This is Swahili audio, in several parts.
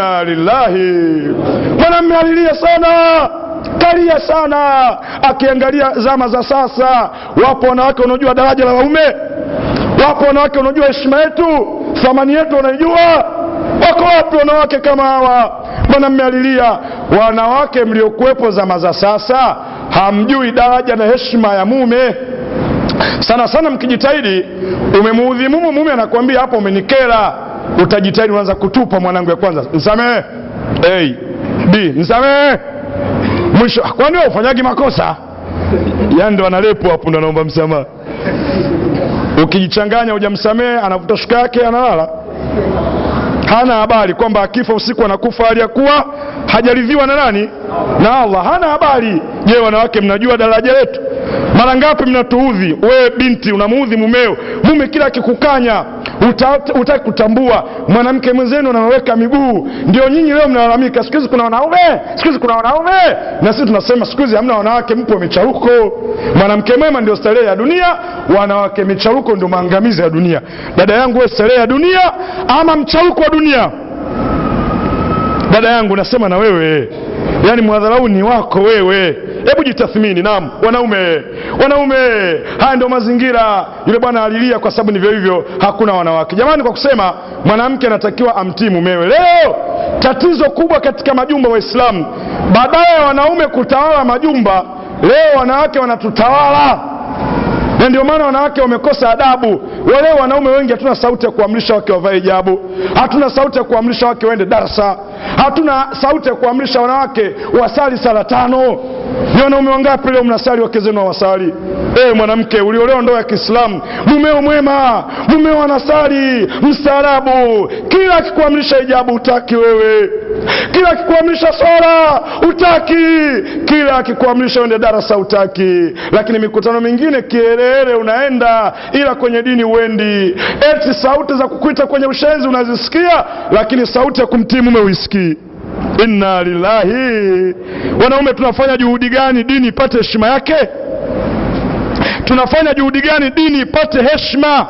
Inna lillahi. Mwanamume alilia sana, kalia sana, akiangalia zama za sasa. Wapo wanawake wanaojua daraja la waume, wapo wanawake wanaojua heshima yetu, thamani yetu wanaijua. Wako wapi wanawake kama hawa? Mwanamume alilia. Wanawake mliokuwepo zama za sasa, hamjui daraja na heshima ya mume sana sana. Mkijitahidi umemuudhi mume, mume anakuambia hapo umenikera utajitahidi unaanza kutupa mwanangu ya kwanza msamehe a b msamehe mwisho ah, kwani ufanyagi makosa yani ndo analepo hapo ndo anaomba msamaha ukijichanganya hujamsamehe anavuta shuka yake analala hana habari kwamba akifa usiku anakufa hali ya kuwa hajaridhiwa na nani na allah hana habari je wanawake mnajua daraja letu mara ngapi mnatuudhi wewe binti unamuudhi mumeo mume kila akikukanya hutaki kutambua mwanamke mwenzenu anaweka miguu. Ndio nyinyi leo mnalalamika, siku hizi kuna wanaume, siku hizi kuna wanaume, na sisi tunasema siku hizi hamna wanawake, mpo micharuko. Mwanamke mwema ndio starehe ya dunia, wanawake micharuko ndio maangamizi ya dunia. Dada yangu, wewe starehe ya dunia ama mcharuko wa dunia? Dada yangu, nasema na wewe, yaani mwadharau ni wako wewe hebu jitathmini. Naam, wanaume, wanaume, haya ndio mazingira. Yule bwana alilia kwa sababu ndivyo hivyo, hakuna wanawake. Jamani, kwa kusema mwanamke anatakiwa amtii mumewe. Leo tatizo kubwa katika majumba Waislamu, baadaye ya wanaume kutawala majumba, leo wanawake wanatutawala na ndio maana wanawake wamekosa adabu. Wale wanaume wengi hatuna sauti ya kuamrisha wake wavae hijabu, hatuna sauti ya kuamrisha wake waende darasa, hatuna sauti ya kuamrisha wanawake wasali sala tano. Ni wanaume wangapi leo mnasali wake zenu hawasali? Hey, mwanamke uliolewa ndoa ya Kiislamu, mumeo mwema, mumeo anasali mstaarabu, kila akikuamrisha hijabu utaki wewe, kila akikuamrisha sala utaki, kila akikuamrisha uende darasa utaki, lakini mikutano mingine kiele kelele unaenda, ila kwenye dini uendi Eti sauti za kukuita kwenye ushenzi unazisikia, lakini sauti ya kumtii mume uisikii Inna lillahi. Wanaume tunafanya juhudi gani dini ipate heshima yake? Tunafanya juhudi gani dini ipate heshima?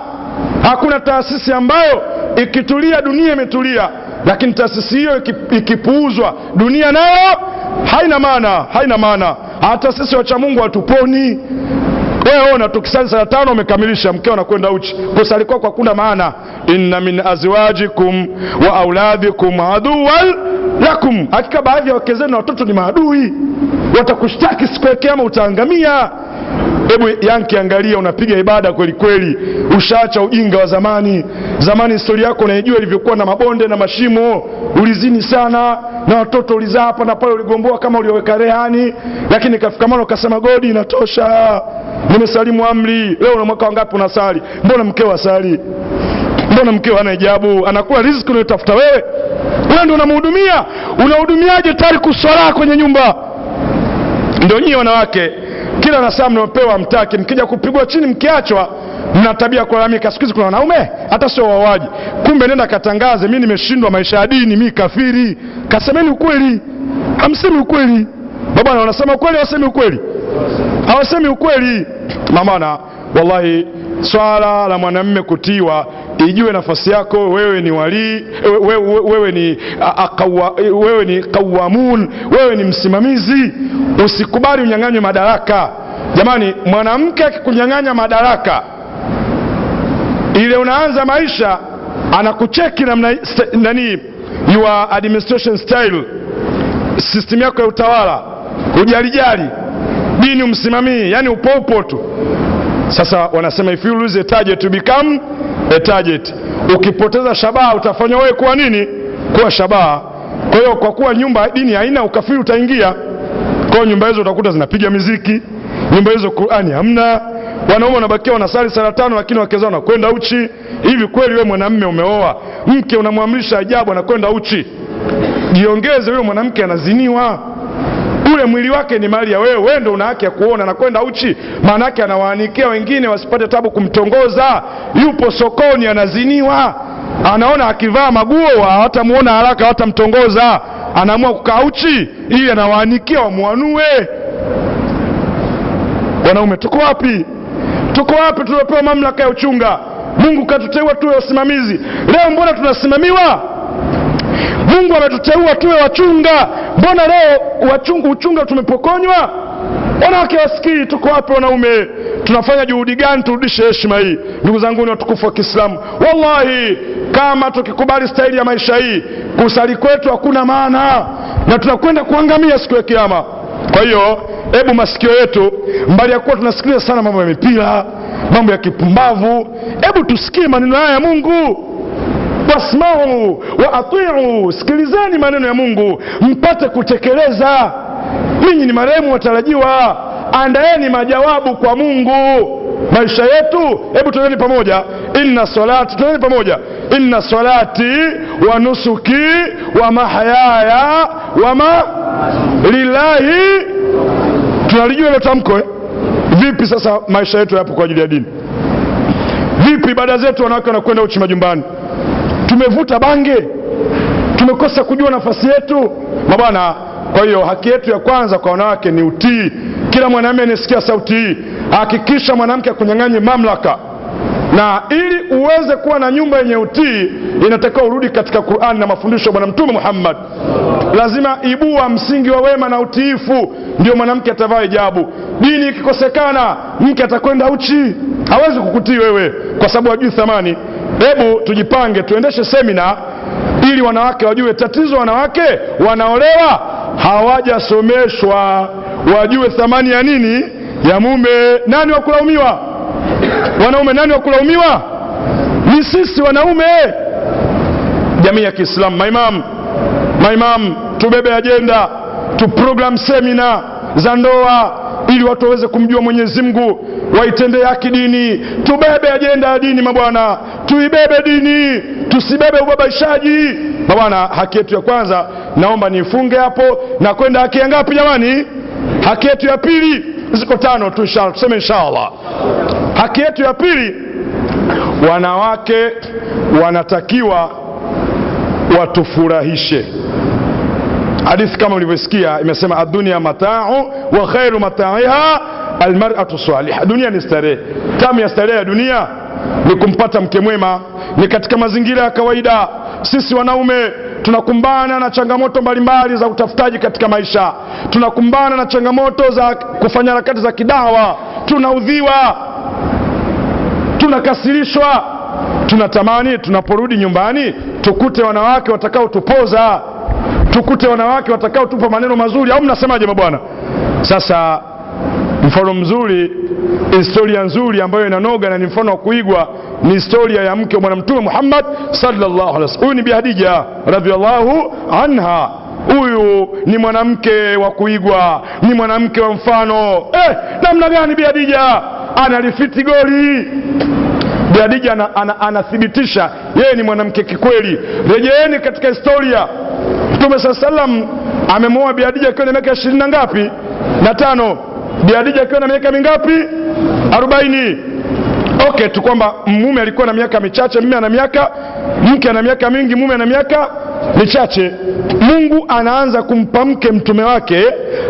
Hakuna taasisi ambayo ikitulia dunia imetulia, lakini taasisi hiyo ikipuuzwa dunia nayo haina maana, haina maana. Hata sisi wacha Mungu hatuponi wewe unatukisali sala tano umekamilisha, mke anakwenda uchi, kusali kwako hakuna maana. inna min azwajikum wa auladikum aduwan lakum, hakika baadhi ya wake zenu na watoto ni maadui, watakushtaki siku ya Kiyama, utaangamia. Hebu Yanki, angalia, unapiga ibada kweli kweli, ushaacha ujinga wa zamani. Zamani historia yako unaijua ilivyokuwa na mabonde na mashimo, ulizini sana na watoto, ulizaa hapa na pale, uligomboa kama ulioweka rehani, lakini kafika mara ukasema godi inatosha nimesalimu amri. Leo na mwaka wangapi unasali? Mbona mkeo asali? Mbona mkeo ana hijabu? Anakula riziki unayotafuta wewe, wewe ndio unamhudumia. Unahudumiaje tariku kuswala kwenye nyumba? Ndio nyinyi wanawake, kila nasaha mnayopewa mtaki, mkija kupigwa chini mkiachwa na tabia kulalamika. Siku hizi kuna wanaume hata sio wawaji, kumbe nenda katangaze, mi nimeshindwa maisha ya dini, mi kafiri. Kasemeni ukweli, hamsemi ukweli. Baba wanasema ukweli, wasemi ukweli hawasemi ukweli mamana wallahi swala la mwanamme kutiwa ijue nafasi yako wewe ni wali wewe, ni wewe ni qawamun wewe ni msimamizi usikubali unyang'anywe madaraka jamani mwanamke akikunyang'anya madaraka ile unaanza maisha anakucheki namna nani your administration style system yako ya utawala hujalijali dini umsimamii yani upoupo tu sasa wanasema if you lose a target to become a target ukipoteza shabaha utafanywa wewe kuwa nini kuwa shabaha kwa hiyo kwa kuwa nyumba dini haina ukafiri utaingia kwa hiyo nyumba hizo utakuta zinapiga miziki nyumba hizo qurani hamna wanaume wanabakia wanasali sala tano lakini wake wanakwenda uchi hivi kweli wewe mwanamme umeoa mke unamwamrisha ajabu anakwenda uchi jiongeze huyo mwanamke anaziniwa ule mwili wake ni mali ya wewe, wewe ndio una haki ya kuona na kwenda uchi. Maana yake anawaanikia wengine wasipate tabu kumtongoza. Yupo sokoni anaziniwa, anaona akivaa maguo hawatamuona haraka, hawatamtongoza, anaamua kukaa uchi ili anawaanikia wamwanue. Wanaume tuko wapi? Tuko wapi tuliopewa mamlaka ya uchunga? Mungu katuteua tuwe wasimamizi. Leo mbona tunasimamiwa? Mungu ametuteua tuwe wachunga. Mbona leo wachunga, uchunga tumepokonywa? Wanawake wasikii, tuko wapi wanaume? Tunafanya juhudi gani turudishe heshima hii? Ndugu zangu ni watukufu wa Kiislamu, wallahi, kama tukikubali staili ya maisha hii, kusali kwetu hakuna maana na tunakwenda kuangamia siku ya kiama Kwa hiyo hebu masikio yetu, mbali ya kuwa tunasikiliza sana mambo ya mipira, mambo ya kipumbavu, hebu tusikie maneno haya ya Mungu wasmau wa atiu, sikilizeni maneno ya Mungu mpate kutekeleza. Ninyi ni marehemu watarajiwa, andaeni majawabu kwa Mungu maisha yetu. Hebu tuendeni pamoja, inna salati, tuendeni pamoja, inna salati wa nusuki wa mahayaya wa ma lillahi. Tunalijua hilo tamko eh? Vipi sasa maisha yetu yapo kwa ajili ya dini? Vipi ibada zetu? Wanawake wanakwenda uchi majumbani tumevuta bange tumekosa kujua nafasi yetu mabwana kwa hiyo haki yetu ya kwanza kwa wanawake ni utii kila mwanaume anisikia sauti hii hakikisha mwanamke akunyang'anyi mamlaka na ili uweze kuwa na nyumba yenye utii inatakiwa urudi katika qurani na mafundisho ya bwana mtume muhammad lazima ibua msingi wa wema na utiifu ndio mwanamke atavaa hijabu dini ikikosekana mke atakwenda uchi hawezi kukutii wewe kwa sababu hajui thamani hebu tujipange tuendeshe semina ili wanawake wajue tatizo wanawake wanaolewa hawajasomeshwa wajue thamani ya nini ya mume nani wa kulaumiwa wanaume nani wa kulaumiwa ni sisi wanaume jamii ya kiislamu maimam maimam tubebe ajenda tuprogram semina za ndoa ili watu waweze kumjua Mwenyezi Mungu, waitende haki dini. Tubebe ajenda ya dini mabwana, tuibebe dini, tusibebe ubabaishaji mabwana. Haki yetu ya kwanza, naomba nifunge hapo na kwenda haki ya ngapi jamani? Haki yetu ya pili, ziko tano tu, inshallah tuseme inshallah. Haki yetu ya pili, wanawake wanatakiwa watufurahishe hadithi kama ulivyosikia imesema adunia matau wa khairu mataiha almaratu saliha dunia ni starehe tamu ya starehe ya dunia ni kumpata mke mwema ni katika mazingira ya kawaida sisi wanaume tunakumbana na changamoto mbalimbali za utafutaji katika maisha tunakumbana na changamoto za kufanya harakati za kidawa tunaudhiwa tunakasirishwa tunatamani tunaporudi nyumbani tukute wanawake watakaotupoza tukute wanawake watakaotupa maneno mazuri au mnasemaje mabwana? Sasa mfano mzuri, historia nzuri ambayo inanoga na ni mfano wa kuigwa ni historia ya mke wa mwanamtume Mtume Muhammad sallallahu alaihi wasallam. Huyu ni bihadija Hadija radhiallahu anha. Huyu ni mwanamke wa kuigwa, ni mwanamke wa mfano. Eh, namna gani bihadija analifiti goli? bihadija anathibitisha ana, ana yeye ni mwanamke kikweli. Rejeeni katika historia mtume saa salam amemwoa biadija akiwa na miaka ishirini na ngapi na tano biadija akiwa na miaka mingapi arobaini okay tu kwamba mume alikuwa na miaka michache, mume ana miaka mke ana miaka mingi, mume ana miaka michache. Mungu anaanza kumpa mke mtume wake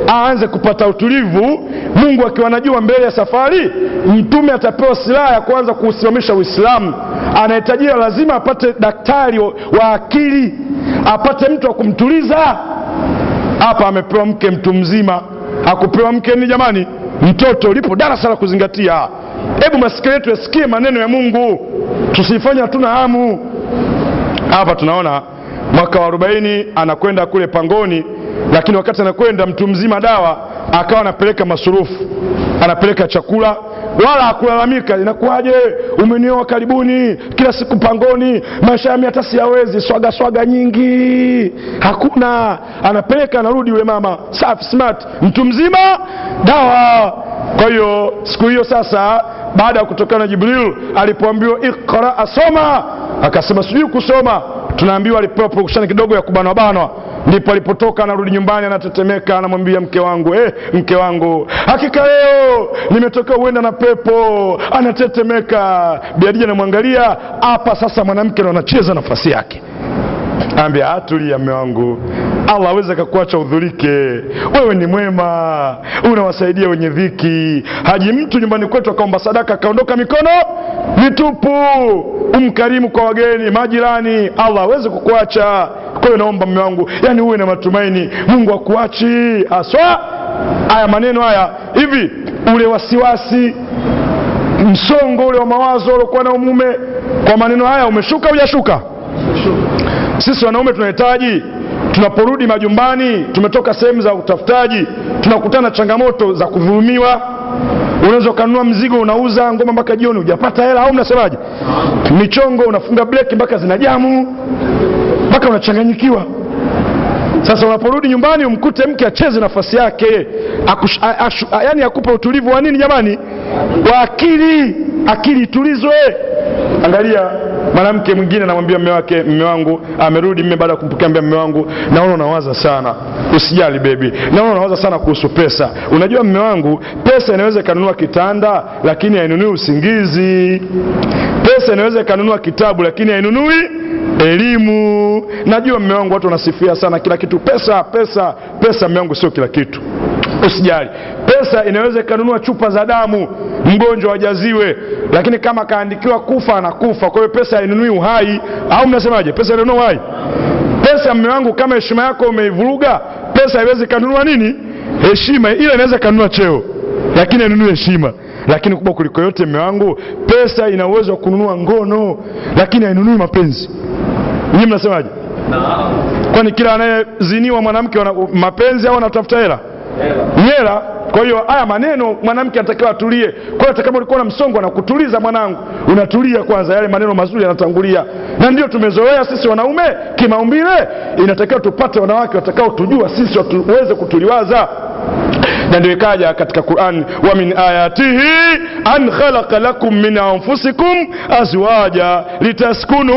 aanze kupata utulivu. Mungu akiwa anajua mbele ya safari, mtume atapewa silaha ya kuanza kuusimamisha Uislamu. Anahitajia lazima apate daktari wa akili, apate mtu wa kumtuliza. Hapa amepewa mke mtu mzima, hakupewa mke ni jamani, mtoto. Lipo darasa la kuzingatia hebu masikio yetu yasikie maneno ya mungu tusifanye hatuna hamu hapa tunaona mwaka wa arobaini anakwenda kule pangoni lakini wakati anakwenda mtu mzima dawa akawa anapeleka masurufu anapeleka chakula wala hakulalamika inakuwaje umenioa karibuni kila siku pangoni maisha ya hata siyawezi swaga swaga nyingi hakuna anapeleka anarudi yule mama safi smart mtu mzima dawa kwa hiyo siku hiyo sasa baada ya kutokana na Jibril alipoambiwa iqra, asoma akasema sijui kusoma. Tunaambiwa alipewa purukushani kidogo ya kubanwabanwa ndipo alipotoka anarudi nyumbani, anatetemeka, anamwambia mke wangu eh, mke wangu, hakika leo nimetokea huenda na pepo. Anatetemeka. Bi anamwangalia hapa, sasa mwanamke ndo anacheza nafasi yake, anambia atulia, ah, mme wangu, Allah aweza akakuacha udhurike. Wewe ni mwema, unawasaidia wenye dhiki. Haji mtu nyumbani kwetu akaomba sadaka akaondoka mikono mitupu. Umkarimu kwa wageni, majirani, Allah aweze kukuacha. Kwa hiyo naomba mume wangu, yani uwe na matumaini, Mungu akuachi aswa. Haya maneno haya hivi, ule wasiwasi, msongo ule wa mawazo uliokuwa na mume, kwa maneno haya umeshuka, hujashuka? Sisi wanaume tunahitaji tunaporudi majumbani, tumetoka sehemu za utafutaji, tunakutana changamoto za kudhulumiwa. Unaweza ukanunua mzigo, unauza ngoma mpaka jioni hujapata hela, au mnasemaje? Michongo unafunga breki mpaka zinajamu, mpaka unachanganyikiwa. Sasa unaporudi nyumbani umkute mke acheze nafasi yake, yaani akupe utulivu wa nini jamani, wa akili. Akili itulizwe. Angalia mwanamke mwingine anamwambia mme wake mme wangu amerudi mme baada ya kumpokea mbea mme wangu naona unawaza sana usijali bebi naona unawaza sana kuhusu pesa unajua mme wangu pesa inaweza ikanunua kitanda lakini hainunui usingizi pesa inaweza ikanunua kitabu lakini hainunui elimu najua mme wangu watu wanasifia sana kila kitu pesa pesa pesa mme wangu sio kila kitu usijali pesa inaweza ikanunua chupa za damu mgonjwa ajaziwe, lakini kama kaandikiwa kufa anakufa. Kwa hiyo pesa hainunui uhai, au mnasemaje? Pesa inunua uhai? Pesa mme wangu, kama heshima yako umeivuruga, pesa haiwezi kanunua nini? Heshima. ile inaweza ikanunua cheo, lakini hainunui heshima lakini kubwa kuliko yote, mme wangu, pesa ina uwezo wa kununua ngono, lakini hainunui mapenzi. Nyinyi mnasemaje? Kwani kila anayeziniwa mwanamke mapenzi au anatafuta hela? Hela. Kwa hiyo haya maneno mwanamke anatakiwa atulie. Kwa hiyo hata kama ulikuwa na msongo na kutuliza, mwanangu, unatulia kwanza, yale maneno mazuri yanatangulia, na ndio tumezoea sisi wanaume kimaumbile. Inatakiwa tupate wanawake watakaotujua sisi, watuweze kutuliwaza na ndio ikaja katika Qur'an, wa min ayatihi an khalaqa lakum min anfusikum azwaja litaskunu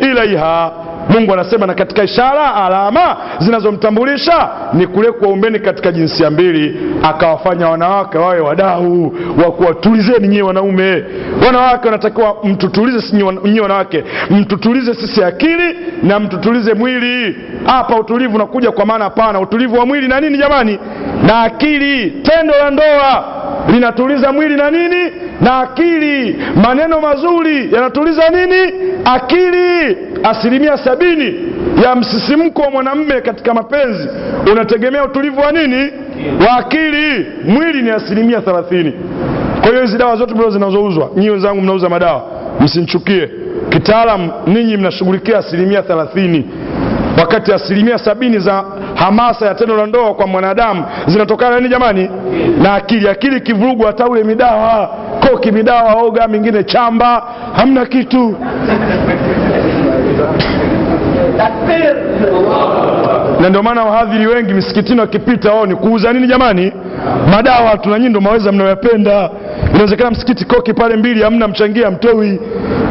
ilaiha Mungu anasema na katika ishara alama zinazomtambulisha ni kule kuwaumbeni katika jinsia mbili, akawafanya wanawake wawe wadau wa kuwatulizeni nyie wanaume. Wanawake wanatakiwa mtutulize nyinyi wanawake, mtutulize sisi akili na mtutulize mwili. Hapa utulivu unakuja kwa maana pana utulivu wa mwili na nini jamani, na akili. Tendo la ndoa linatuliza mwili na nini na akili. Maneno mazuri yanatuliza nini? Akili. Asilimia sabini ya msisimko wa mwanamme katika mapenzi unategemea utulivu wa nini? Wa akili. Mwili ni asilimia thelathini. Kwa hiyo hizi dawa zote zinazouzwa, nyinyi wenzangu mnauza madawa, msinchukie Kitaalam ninyi mnashughulikia asilimia thelathini wakati asilimia sabini za hamasa ya tendo la ndoa kwa mwanadamu zinatokana nini jamani? Na akili. Akili kivurugu hata ule midawa koki, midawa, oga, mingine chamba, hamna kitu na ndio maana wahadhiri wengi misikitini wakipita wao oh, ni kuuza nini jamani? Madawa tuna nyinyi, ndo maweza mnayoyapenda. Inawezekana msikiti koki pale mbili hamna, mchangia mtoi,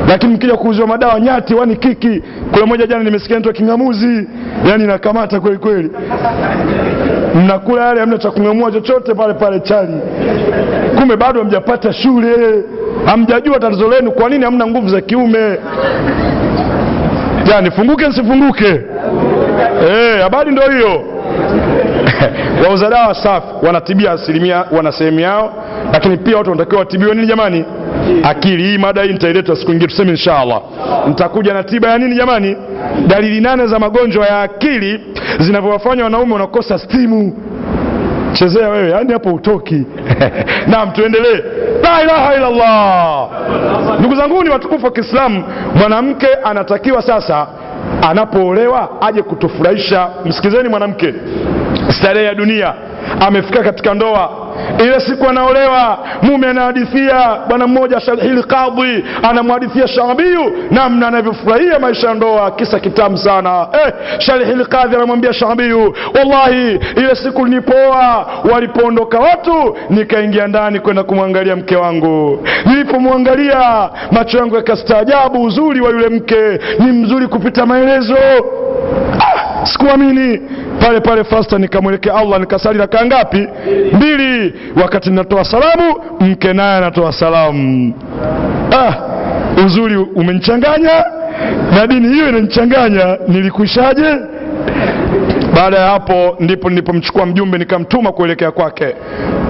lakini mkija kuuziwa madawa nyati wani kiki. kule moja jana nimesikia naitwa Kingamuzi, yani nakamata kweli kweli mnakula yale hamna cha kung'amua chochote pale pale chali kumbe bado hamjapata shule hamjajua tatizo lenu kwa nini hamna nguvu za kiume yani funguke nsifunguke eh, habari hey, ndio hiyo wauza dawa safi wanatibia asilimia wana sehemu yao lakini pia watu wanatakiwa watibiwe nini jamani akili hii mada hii nitaileta siku nyingine, tuseme inshallah nitakuja na tiba ya nini jamani dalili nane za magonjwa ya akili zinavyowafanya wanaume wanakosa stimu chezea wewe, yaani hapo utoki. Naam, tuendelee. La ilaha illa Allah. Ndugu zangu ni watukufu wa Kiislamu, mwanamke anatakiwa sasa anapoolewa aje kutufurahisha. Msikizeni mwanamke, starehe ya dunia, amefika katika ndoa ile siku anaolewa mume anahadithia bwana mmoja hili kadhi anamhadithia shabiyu namna anavyofurahia maisha ya ndoa kisa kitamu sana eh, sharihili kadhi anamwambia shabiyu wallahi ile siku nilipoa walipoondoka watu nikaingia ndani kwenda kumwangalia mke wangu nilipomwangalia macho yangu yakastaajabu uzuri wa yule mke ni mzuri kupita maelezo ah, sikuamini pale pale fasta nikamwelekea Allah nikasali rakaa ngapi? Mbili. Wakati natoa salamu, mke naye anatoa salamu. Ah, uzuri umenichanganya na dini hiyo inanichanganya. Nilikwishaje? Baada ya hapo ndipo nilipomchukua mjumbe nikamtuma kuelekea kwake,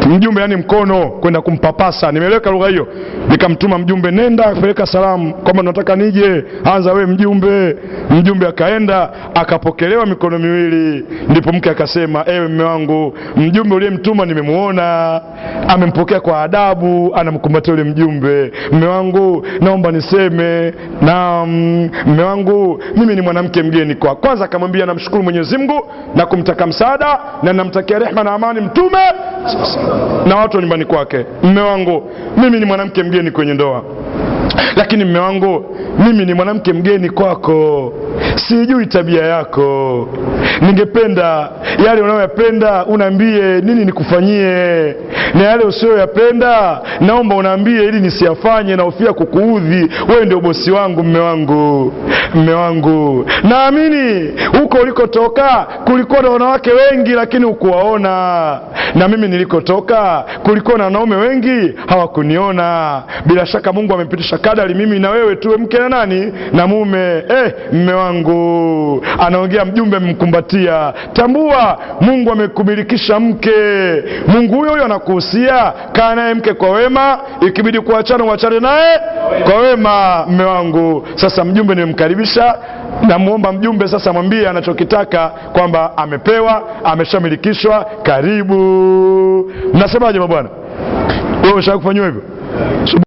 mjumbe yani mkono kwenda kumpapasa, nimeeleweka lugha hiyo. Nikamtuma mjumbe, nenda peleka salamu kwamba nataka nije, anza we mjumbe. Mjumbe akaenda akapokelewa mikono miwili, ndipo mke akasema, ewe mme wangu, mjumbe uliyemtuma nimemuona, amempokea kwa adabu, anamkumbatia yule mjumbe. Mme wangu, naomba niseme na mme wangu, mimi ni mwanamke mgeni kwa kwanza. Akamwambia namshukuru Mwenyezi Mungu na kumtaka msaada na namtakia rehma na amani mtume na watu wa nyumbani kwake mme wangu mimi ni mwanamke mgeni kwenye ndoa lakini mme wangu mimi ni mwanamke mgeni kwako sijui tabia yako, ningependa yale unayoyapenda unaambie nini nikufanyie, na yale usiyoyapenda naomba unaambie ili nisiyafanye, nahofia kukuudhi. Wewe ndio bosi wangu, mme wangu, mme wangu. Naamini huko ulikotoka kulikuwa na wanawake wengi, lakini hukuwaona, na mimi nilikotoka kulikuwa na wanaume wengi, hawakuniona. Bila shaka Mungu amepitisha kadari, mimi na wewe tuwe mke na nani na mume. Eh, mme wangu, anaongea mjumbe mkumbatia. Tambua Mungu amekumilikisha mke. Mungu huyo huyo anakuhusia, kaa naye mke kwa wema, ikibidi kuachana uachane naye kwa wema. Mme wangu, sasa mjumbe nimemkaribisha, namwomba mjumbe sasa mwambie anachokitaka kwamba amepewa, ameshamilikishwa. Karibu. Mnasemaje mabwana? Wewe ushawahi hivyo?